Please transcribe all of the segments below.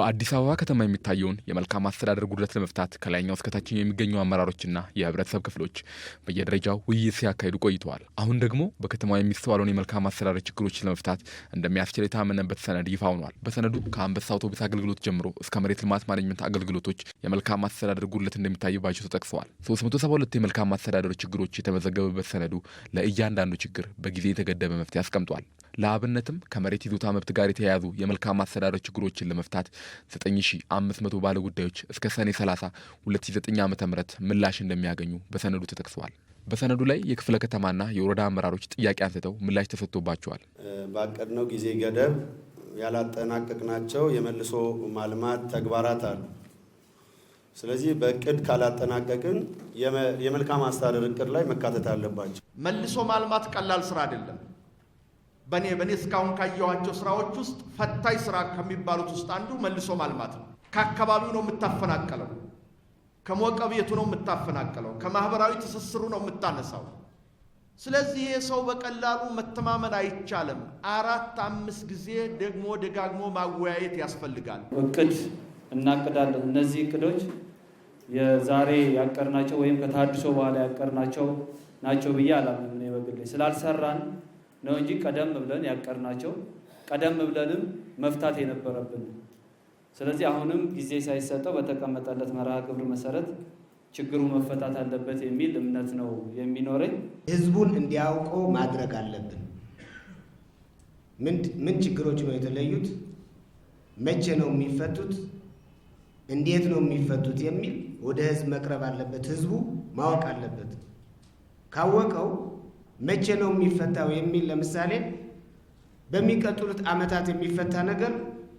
በአዲስ አበባ ከተማ የሚታየውን የመልካም አስተዳደር ጉድለት ለመፍታት ከላይኛው እስከታችኛው የሚገኙ አመራሮችና የህብረተሰብ ክፍሎች በየደረጃው ውይይት ሲያካሂዱ ቆይተዋል። አሁን ደግሞ በከተማው የሚስተዋለውን የመልካም አስተዳደር ችግሮች ለመፍታት እንደሚያስችል የታመነበት ሰነድ ይፋ ሆኗል። በሰነዱ ከአንበሳ አውቶቡስ አገልግሎት ጀምሮ እስከ መሬት ልማት ማኔጅመንት አገልግሎቶች የመልካም አስተዳደር ጉድለት እንደሚታይባቸው ተጠቅሰዋል። 372 የመልካም አስተዳደር ችግሮች የተመዘገበበት ሰነዱ ለእያንዳንዱ ችግር በጊዜ የተገደበ መፍትሄ አስቀምጧል። ለአብነትም ከመሬት ይዞታ መብት ጋር የተያያዙ የመልካም አስተዳደር ችግሮችን ለመፍታት 9500 ባለ ጉዳዮች እስከ ሰኔ 30 2009 ዓ ም ምላሽ እንደሚያገኙ በሰነዱ ተጠቅሰዋል። በሰነዱ ላይ የክፍለ ከተማና የወረዳ አመራሮች ጥያቄ አንስተው ምላሽ ተሰጥቶባቸዋል። ባቀድነው ጊዜ ገደብ ያላጠናቀቅናቸው የመልሶ ማልማት ተግባራት አሉ። ስለዚህ በእቅድ ካላጠናቀቅን የመልካም አስተዳደር እቅድ ላይ መካተት አለባቸው። መልሶ ማልማት ቀላል ስራ አይደለም። በእኔ በእኔ እስካሁን ካየኋቸው ስራዎች ውስጥ ፈታኝ ስራ ከሚባሉት ውስጥ አንዱ መልሶ ማልማት ነው። ከአካባቢው ነው የምታፈናቀለው፣ ከሞቀ ቤቱ ነው የምታፈናቀለው፣ ከማህበራዊ ትስስሩ ነው የምታነሳው። ስለዚህ ይሄ ሰው በቀላሉ መተማመን አይቻልም። አራት አምስት ጊዜ ደግሞ ደጋግሞ ማወያየት ያስፈልጋል። እቅድ እናቅዳለን። እነዚህ እቅዶች የዛሬ ያቀርናቸው ወይም ከታድሶ በኋላ ያቀርናቸው ናቸው ብዬ አላምንም። እኔ በግሌ ስላልሰራን ነው እንጂ ቀደም ብለን ያቀርናቸው ቀደም ብለንም መፍታት የነበረብን። ስለዚህ አሁንም ጊዜ ሳይሰጠው በተቀመጠለት መርሃ ግብር መሰረት ችግሩ መፈታት አለበት የሚል እምነት ነው የሚኖረኝ። ህዝቡን እንዲያውቀው ማድረግ አለብን። ምን ችግሮች ነው የተለዩት? መቼ ነው የሚፈቱት? እንዴት ነው የሚፈቱት? የሚል ወደ ህዝብ መቅረብ አለበት። ህዝቡ ማወቅ አለበት። ካወቀው መቼ ነው የሚፈታው የሚል ለምሳሌ በሚቀጥሉት ዓመታት የሚፈታ ነገር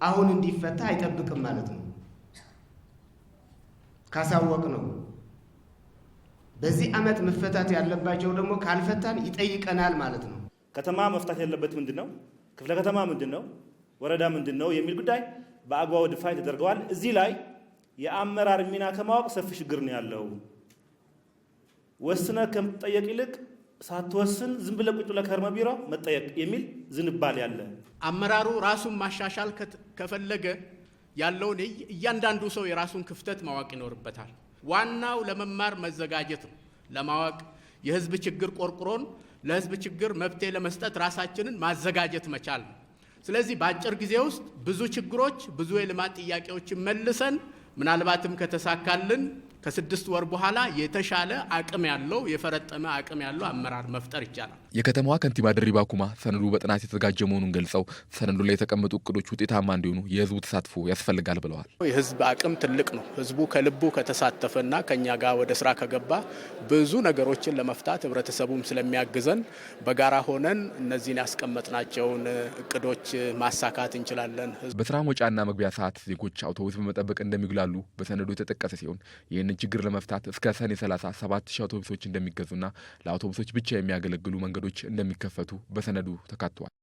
አሁን እንዲፈታ አይጠብቅም ማለት ነው። ካሳወቅ ነው በዚህ ዓመት መፈታት ያለባቸው ደግሞ ካልፈታን ይጠይቀናል ማለት ነው። ከተማ መፍታት ያለበት ምንድን ነው፣ ክፍለ ከተማ ምንድን ነው፣ ወረዳ ምንድን ነው የሚል ጉዳይ በአግባቡ ድፋይ ተደርገዋል። እዚህ ላይ የአመራር ሚና ከማወቅ ሰፊ ችግር ነው ያለው። ወስነ ከምትጠየቅ ይልቅ ሳትወስን ዝም ብለህ ቁጭ ብለህ ከርመ ቢሮ መጠየቅ የሚል ዝንባል ያለ አመራሩ ራሱን ማሻሻል ከፈለገ ያለውን እያንዳንዱ ሰው የራሱን ክፍተት ማወቅ ይኖርበታል። ዋናው ለመማር መዘጋጀት ነው። ለማወቅ የህዝብ ችግር ቆርቁሮን ለህዝብ ችግር መፍትሄ ለመስጠት ራሳችንን ማዘጋጀት መቻል ነው። ስለዚህ በአጭር ጊዜ ውስጥ ብዙ ችግሮች፣ ብዙ የልማት ጥያቄዎችን መልሰን ምናልባትም ከተሳካልን ከስድስት ወር በኋላ የተሻለ አቅም ያለው የፈረጠመ አቅም ያለው አመራር መፍጠር ይቻላል። የከተማዋ ከንቲባ ድሪባ ኩማ ሰነዱ በጥናት የተዘጋጀ መሆኑን ገልጸው ሰነዱ ላይ የተቀመጡ እቅዶች ውጤታማ እንዲሆኑ የህዝቡ ተሳትፎ ያስፈልጋል ብለዋል። የህዝብ አቅም ትልቅ ነው። ህዝቡ ከልቡ ከተሳተፈና ከኛ ጋር ወደ ስራ ከገባ ብዙ ነገሮችን ለመፍታት ህብረተሰቡም ስለሚያግዘን በጋራ ሆነን እነዚህን ያስቀመጥናቸውን እቅዶች ማሳካት እንችላለን። በስራ መውጫና መግቢያ ሰዓት ዜጎች አውቶቡስ በመጠበቅ እንደሚጉላሉ በሰነዱ የተጠቀሰ ሲሆን ያንን ችግር ለመፍታት እስከ ሰኔ 30 7 ሺህ አውቶቡሶች እንደሚገዙና ለአውቶቡሶች ብቻ የሚያገለግሉ መንገዶች እንደሚከፈቱ በሰነዱ ተካቷል።